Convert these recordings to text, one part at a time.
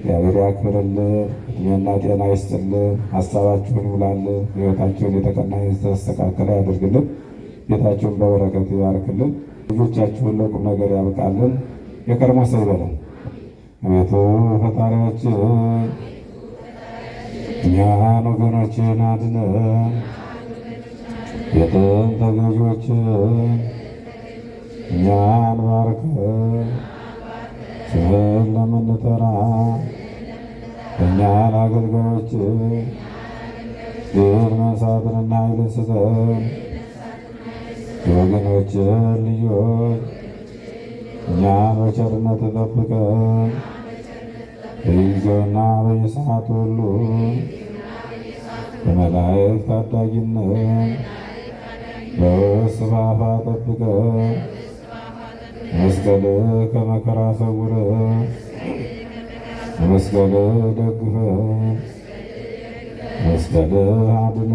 እግዚአብሔር ያክብርልን፣ እድሜና ጤና ይስጥልን፣ ሀሳባችሁን ይሙላልን፣ ህይወታችሁን የተቀና የተስተካከለ ያደርግልን፣ ቤታችሁን በበረከት ያርክልን፣ ልጆቻችሁን ለቁም ነገር ያብቃልን። የቀድሞ ሰው ይበላል። አቤቱ ፈጣሪያችን እኛን ወገኖችን አድነን፣ የጥንት ተገዢዎችን እኛን ባርከን ስህል ለምንጠራ እኛ ለአገልጋዮች ድል መሳትንና ኃይልን ስጠን። የወገኖችን ልጆች እኛን በቸርነት ጠብቀን። በጊዜውና በየሰዓት ሁሉ በመላእክት ታዳጊነት በውስጥ ጠብቀን መስቀል ከመከራ ሰውረ መስቀል ደግፈ መስቀል አድነ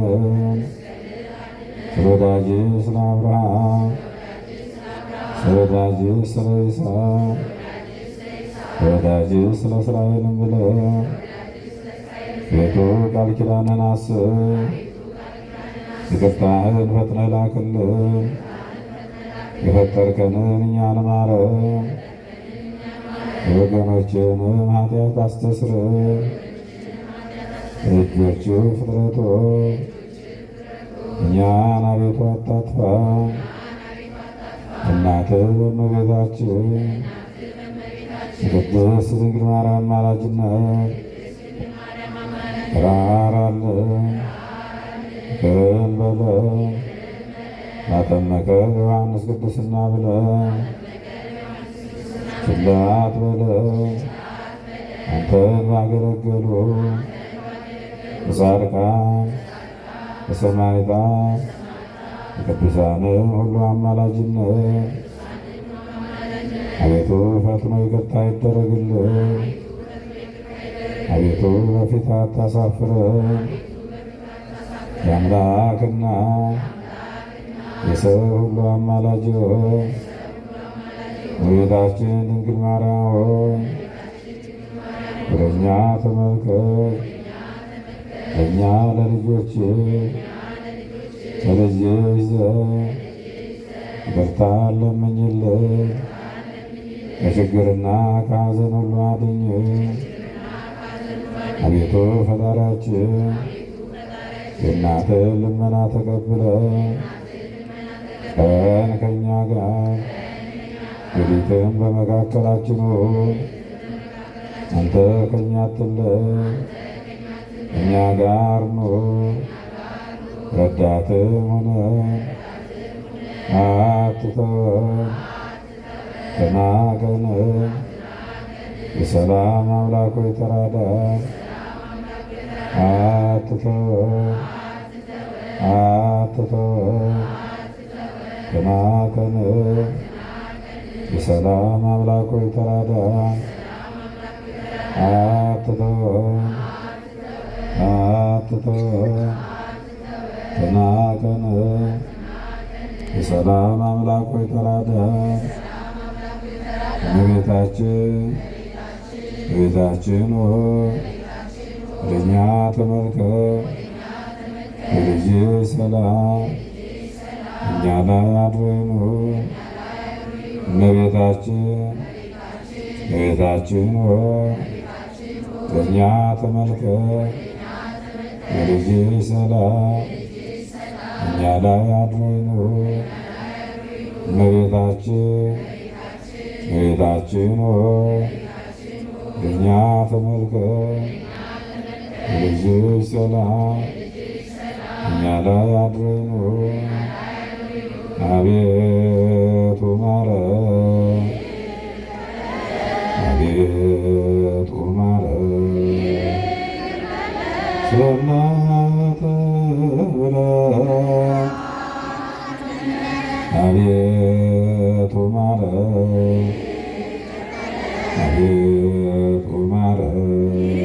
ስለወዳጅ ስለ አብርሃም ስለወዳጅ ስለ ይስሐቅ ስለወዳጅ ስለ እስራኤልም ብለ ቤቱ ቃል ኪዳንህን አስብ ይቅርታህን ፈጥነ ላክልን የፈጠርከንን እኛን ማረን፣ የወገኖችንም ኃጢአት አስተስርይ። እጆች ፍጥረቶች እኛን አቤቱ አታጥፋን። እናትህ እመቤታችን ቅድስት ድንግል ማርያም አማላጅነት ራራልን፣ ይቅር በለን ባጠመቀ ዮሐንስ ቅዱስና ብለ ስላት በለ አንተን ባገለገሉ በጻድቃን በሰማዕታት የቅዱሳን ሁሉ አማላጅነት አቤቱ ፈጥኖ ይቅርታ ይደረግልን። አቤቱ በፊት አታሳፍረን። የአምላክና የሰው ሁሉ አማላጅ ሆይ እመቤታችን ድንግል ማርያም ሆይ ወደ እኛ ተመልከት። እኛ ለልጆች ለልጅህ ዘንድ ይቅርታን ለምኝልን፣ ከችግርና ከሐዘን ሁሉ አድኝ። አቤቱ ፈጣሪያችን የእናትህ ልመና ተቀብለን ቀን ከኛ ጋር ሌሊትም በመካከላችን ሁን። አንተ ከእኛ አትለይ፣ እኛ ጋር ኑር፣ ረዳትም ሁነን አትተወን። ተናቀንም የሰላም አምላኮ ሆይ ተራዳን፣ አትተወን አትተወን ተናቀን የሰላም አምላክ ሆይ ተራዳን፣ አትተወን አትተወን፣ የሰላም አምላኮ ሆይ ተራዳን። እመቤታችን እመቤታችን ሆይ ወደ እኛ ሰላም እኛ ላይ አድረን ሆይ እመቤታችን እመቤታችን ሆይ በእኛ ተመልከት። የልጅሽ ሰላም እኛ ላይ አድረን ሆይ እመቤታችን እመቤታችን ሆይ በእኛ ተመልከት። የልጅሽ ሰላም እኛ ላይ አድረን አቤቱ ማረን፣ አቤቱ ማረን፣ ስለ እናትህ ብለህ አቤቱ ማረን፣ አቤቱ ማረን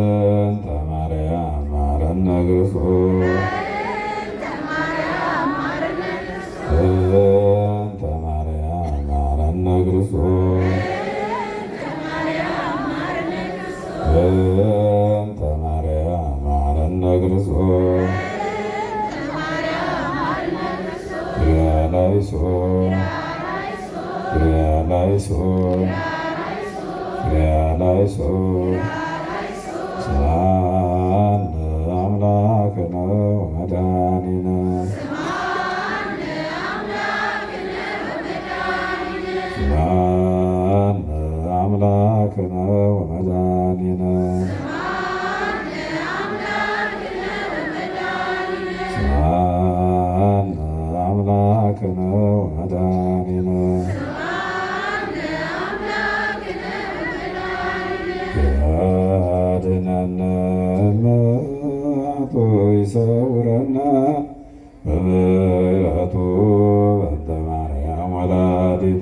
ላይሶን ላይሶን ስማን አምላክነ ወመድኃኒነ ስማን አምላክነ ወመድኃኒነ ስማን አምላክነ ወመድኃኒነ በገናነቱ ይሰውረና በምሕረቱ በእንተ ማርያም ወላዲቱ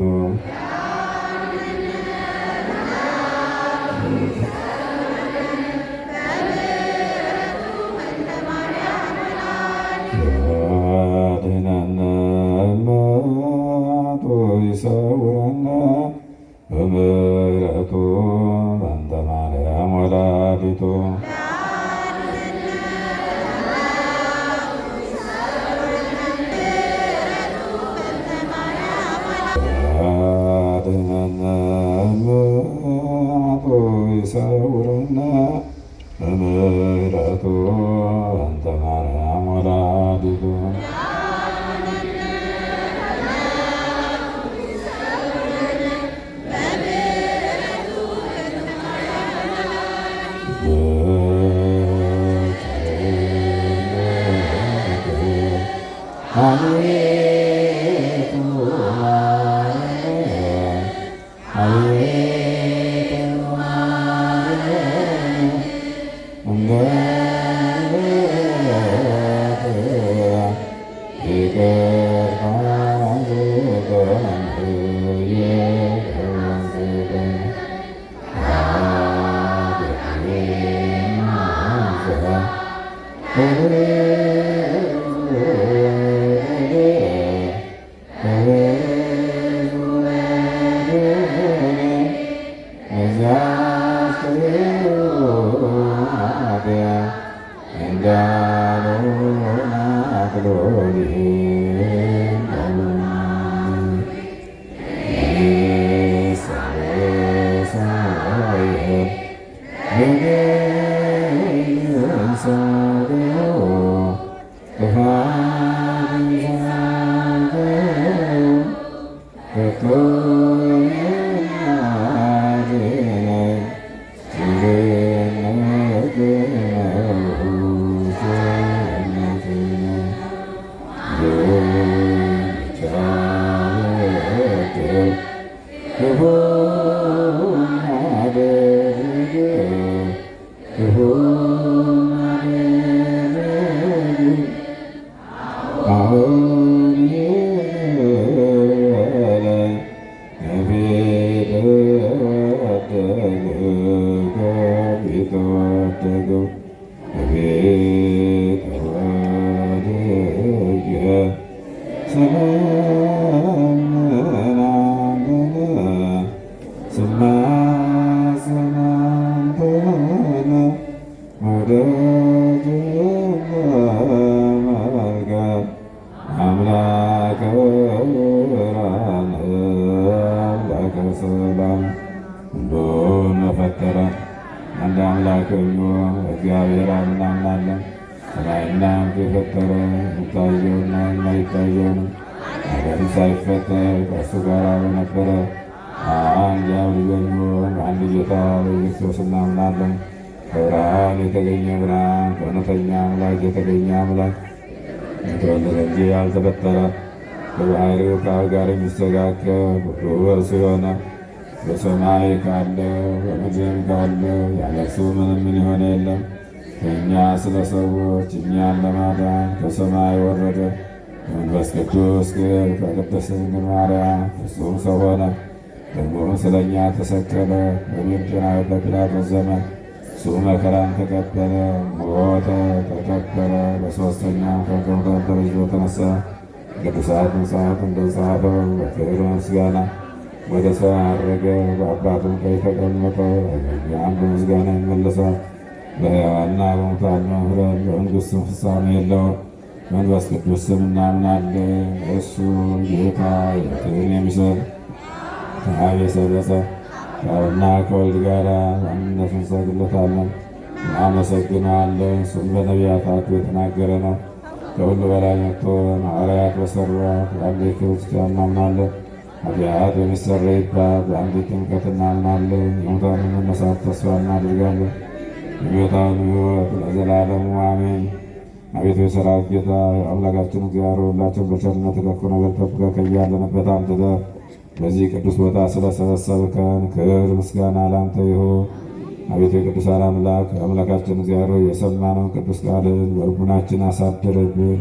ይሰውረና በምሕረቱ Radito. እግዚአብሔር እናምናለን። ሰማይና የፈጠረ የሚታየውና የማይታየውን ሳይፈጠር ከእርሱ ጋር በነበረ አንድ ያው ልጅ ጌታ በኢየሱስ እናምናለን። ከብርሃን የተገኘ ብርሃን ከእውነተኛ አምላክ የተገኘ አምላክ የተወለደ እንጂ ያልተፈጠረ በባህሪው ከአብ ጋር የሚስተካከል እርሱ የሆነ በሰማይ ካለ በምድርም ካለ ያለ እርሱ ምንም ምን የሆነ የለም። ከእኛ ስለ ሰዎች እኛን ለማዳን ከሰማይ ወረደ። መንፈስ ቅዱስ ግን ከቅድስት ድንግል ማርያም ፍጹም ሰው ሆነ። ደግሞ ስለ እኛ ተሰቀለ በሚርጭና በጲላጦስ ዘመን እሱ መከራን ተቀበለ፣ ሞተ፣ ተቀበረ፣ በሶስተኛ ከቀብር ተለይቶ ተነሳ። ቅዱሳት መጽሐፍ እንደተጻፈው በክብር ምስጋና ወደ ሰማይ ዐረገ፣ በአባቱም ቀኝ ተቀመጠ። የአንዱ ምስጋና ይመለሳል። በሕያዋንና በሙታን መፍረድ በመንግሥቱም ፍጻሜ የለውም። መንፈስ ቅዱስም እናምናለን፣ እሱ ጌታ ሕይወትን የሚሰጥ አብ የሰረጸ ከአብና ከወልድ ጋር በአንድነት እንሰግድለታለን፣ እናመሰግነዋለን። እሱም በነቢያት የተናገረ ነው። ከሁሉ በላይ መጥቶ ሐዋርያት በሠሯት በአንዲት ክርስቲያን እናምናለን። ኃጢአት በሚሰረይባት በአንዲት ጥምቀት እናምናለን። የሙታንን መነሳት ተስፋ እናደርጋለን። የጌታን ሕይወት ለዘላለሙ አሜን። አቤቱ የሠራዊት ጌታ አምላካችን እግዚአብሔር ሁላችን በቸርነት ከክፉ ነገር ጠብቀህ ከያለንበት አምጥተህ ለዚህ ቅዱስ ቦታ ስለሰበሰብከን ክብር ምስጋና ላንተ ይሁን። አቤቱ የቅዱሳን አምላክ አምላካችን እግዚአብሔር የሰማነውን ቅዱስ ቃልን በልቡናችን አሳድርብን።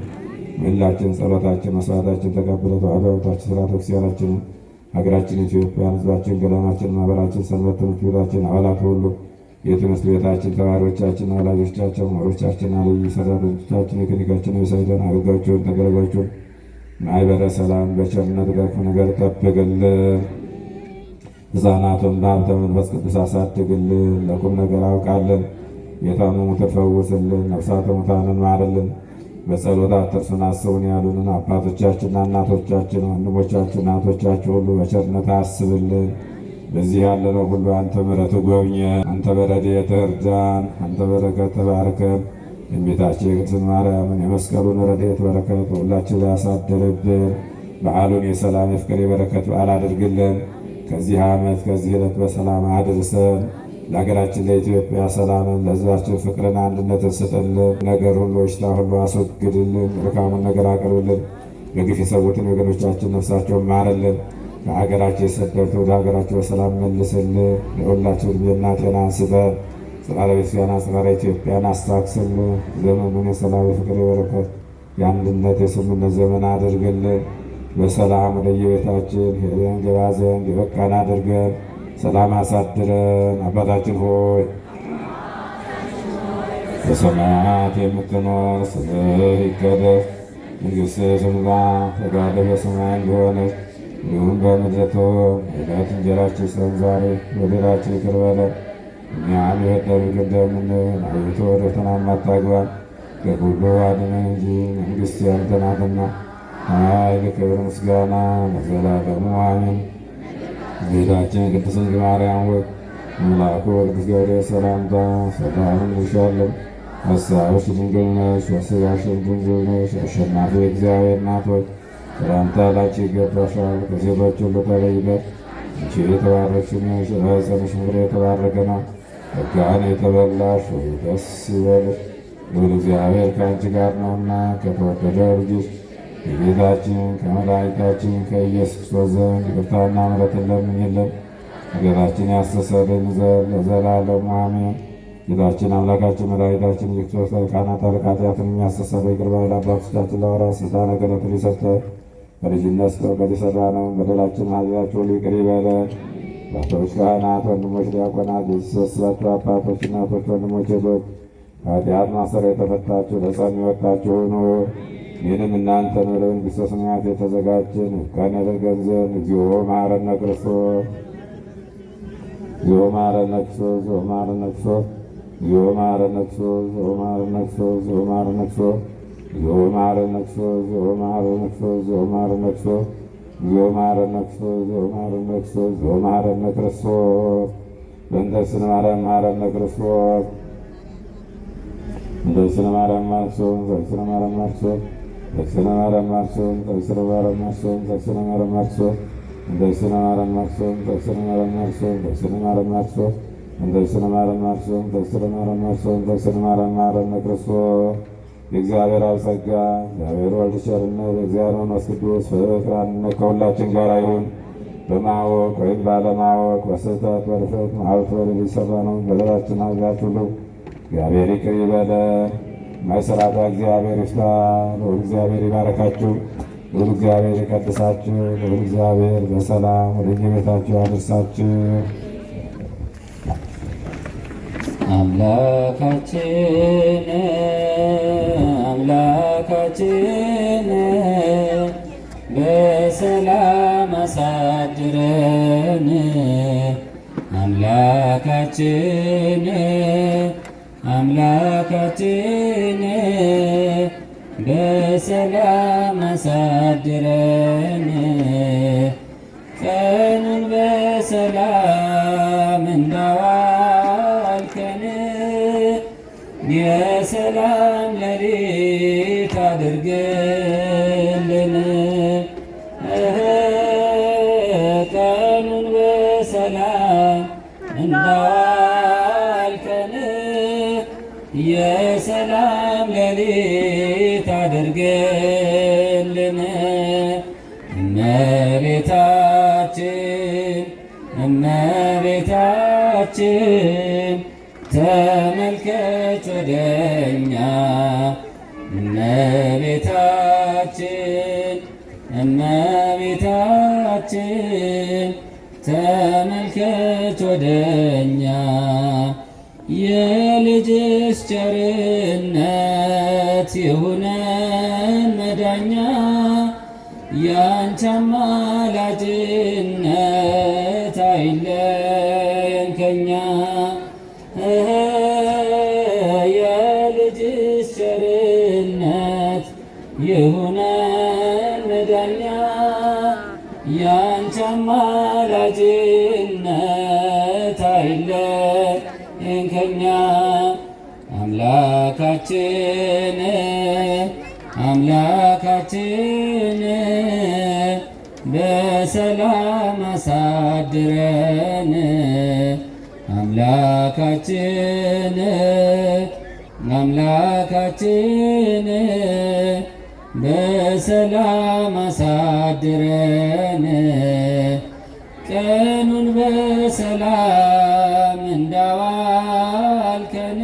ምህላችን፣ ጸሎታችን፣ መስዋዕታችን ተቀብለ ተዋህዶ ቤታችን ስርዓተ ሀገራችን ኢትዮጵያን፣ ሕዝባችን፣ ገዳማችን፣ ማህበራችን፣ ሰንበት ትምህርት ቤታችን አባላት ሁሉ የትምህርት ቤታችን ተማሪዎቻችን፣ ወላጆቻቸው፣ መሪዎቻችን፣ አልዩ ሰራተኞቻችን፣ የክኒካችን፣ የሳይደን አገልጋዮችን፣ ተገለጋዮችን ማይበረ ሰላም በቸርነት በክፉ ነገር ጠብቅልን። ሕፃናቱን በሀብተ መንፈስ ቅዱስ አሳድግልን። ለቁም ነገር አውቃልን። የታመሙትን ፈውስልን። ነፍሳተ ሙታንን ማርልን። በጸሎት አትርሱን አስቡን ያሉንን አባቶቻችንና እናቶቻችን ወንድሞቻችን እናቶቻችን ሁሉ በቸርነት አስብልን። በዚህ ያለነው ሁሉ አንተ ምሕረት ጎብኘ፣ አንተ በረድኤት እርዳን፣ አንተ በረከት ተባርከን እመቤታችን የቅድስት ማርያምን የመስቀሉን ረድኤት በረከት በሁላችን ላይ ያሳድርብን። በዓሉን የሰላም የፍቅር የበረከት በዓል አድርግልን። ከዚህ ዓመት ከዚህ ዕለት በሰላም አድርሰን። ለሀገራችን ለኢትዮጵያ ሰላምን ለሕዝባችን ፍቅርን አንድነትን ስጥልን። ነገር ሁሉ በሽታ ሁሉ አስወግድልን። መልካሙን ነገር አቅርብልን። በግፍ የሰዉትን ወገኖቻችን ነፍሳቸውን ማርልን። ከሀገራችን የሰደዱትን ወደ ሀገራቸው በሰላም መልስልን። ለሁላችን ዕድሜና ጤና አንስተን ጽራረ ቤተክርስቲያን አጽራረ ኢትዮጵያን አስታክስል ዘመኑን የሰላም የፍቅር የበረከት የአንድነት የስምነት ዘመን አድርግልን። በሰላም ወደየቤታችን ሄደን ገባ ዘንድ የበቃን አድርገን ሰላም አሳድረን። አባታችን ሆይ በሰማያት የምትኖር ስምህ ይቀደስ፣ መንግሥትህ ትምጣ፣ ፈቃድህ በሰማይ እንደሆነች እንዲሁም በምድር ትሁን። የዕለት እንጀራችንን ስጠን ዛሬ፣ በደላችንን ይቅር በለን እግዚአብሔር ደግ እንደምንል አቤቱ ወደ ፈተና አታግባን ከሁሉ አድነን እንጂ መንግሥት ያንተ ናትና፣ ምስጋና ለዘላለሙ አሜን። ቤታችን ቅድስት ድንግል ማርያም ሆይ መልአኩ ቅዱስ ገብርኤል ሰላምታ ሰላም እንልሻለን። ሐሳብሽ ድንግል ነሽ፣ ሥጋሽ ድንግል አሸናፊ እግዚአብሔር እናት ሰላምታ ላንቺ ይገባሻል። ከሴቶች ሁሉ ተለይተሽ አንቺ የተባረክሽ ነሽ፣ ነው። ጸጋን የተበላሽ ወይ ደስ ይበልሽ፣ ልዑል እግዚአብሔር ከአንቺ ጋር ነውና ከተወደደው ልጅሽ ከጌታችን ከመድኃኒታችን ከኢየሱስ ክርስቶስ ዘንድ ይቅርታና ምሕረትን ለምኝልን፣ ኃጢአታችንን ያስተሰርይልን ዘንድ ለዘላለሙ አሜን። ጌታችን አምላካችን መድኃኒታችን ኢየሱስ ክርስቶስ ካህናት አለቃ ኃጢአትን የሚያስተሰርይ ይቅር ባይ ለአባቶቻችን ለሐዋርያት ሥልጣነ ነገረትን የሰጠ በልጅነት ስለ እውቀት የሠራነውን በደላችንን ኃጢአታችንን ሁሉ ይቅር ይበለን አባቶች ካህናት፣ ወንድሞች ዲያቆናት፣ የተሰበሰባችሁ አባቶች፣ እናቶች፣ ወንድሞች፣ እህቶች ከኃጢአት ማሰሪያ የተፈታችሁ ለጸም የወጣችሁ ሁኑ። ይህንም እናንተን ወደ መንግሥተ ሰማያት የተዘጋጀን ቀን ያደርገን እግዚኦ መሐረነ ክርስቶስ፣ እግዚኦ መሐረነ ክርስቶስ፣ እግዚኦ መሐረነ ክርስቶስ፣ እግዚኦ መሐረነ ክርስቶስ፣ እግዚኦ መሐረነ ክርስቶስ፣ እግዚኦ መሐረነ ክርስቶስ፣ እግዚኦ መሐረነ ክርስቶስ፣ እግዚኦ መሐረነ ክርስቶስ፣ እግዚኦ መሐረነ ክርስቶስ വ്യോമാരന്നക്സോ വ്യോമാരന്നക്സോ വ്യോമാരന്നക്രസോ ബന്ധസ്സിന് മാറാം മാറന്നക്രസോ ദർശനം ആരംഭിച്ചോം ദർശനം ആരംഭിച്ചോം ദർശനം ആരംഭിച്ചോം ദർശനം ആരംഭിച്ചോം ദർശനം ആരംഭിച്ചോം ദർശനം ആരംഭിച്ചോം ദർശനം ആരംഭിച്ചോം ദർശനം ആരംഭിച്ചോം ദർശനം ആരംഭിച്ചോം ദർശനം ആരംഭിച്ചോം ദർശനം ആരംഭിച്ചോം ദർശനം ആരംഭിച്ചോം የእግዚአብሔር አብ ጸጋ እግዚአብሔር ወልድ ቸርነት እግዚአብሔር መንፈስ ቅዱስ ፍቅር ከሁላችን ጋር ይሁን። በማወቅ ወይም ባለማወቅ በስህተት በርፈት ማህበር የሚሰራ ነው። በዘራችን ሀገራት ሁሉ እግዚአብሔር ይቅር ይበለ። መሥራተ እግዚአብሔር ይፍታ። ልዑል እግዚአብሔር ይባረካችሁ። ልዑል እግዚአብሔር ይቀድሳችሁ። ልዑል እግዚአብሔር በሰላም ወደ እየቤታችሁ አድርሳችሁ። አምላካችን አምላካችን አምላካችን በሰላም አሳድረን ቀኑን በሰላም እንዳዋልከን የሰላም ለሪት አድርገን እመቤታችን እመቤታችን ተመልከት ወደኛ እመቤታችን እመቤታችን ተመልከት ወደኛ የልጅሽ ቸርነት ይሁነን መዳኛ ያንተ አማላጅነት አይለየን ከኛ የልጅ ቸርነት ይሁነን መዳኛ ያንተ አማላጅነት አይለየን ከኛ አምላካችን አምላካችን በሰላም አሳድረን አምላካችን አምላካችን በሰላም አሳድረን ቀኑን በሰላም እንዳዋልከን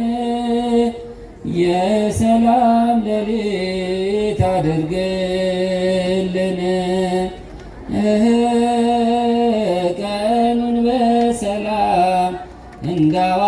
የሰላም ሌሊት ዓለምን በሰላም እንዳዋ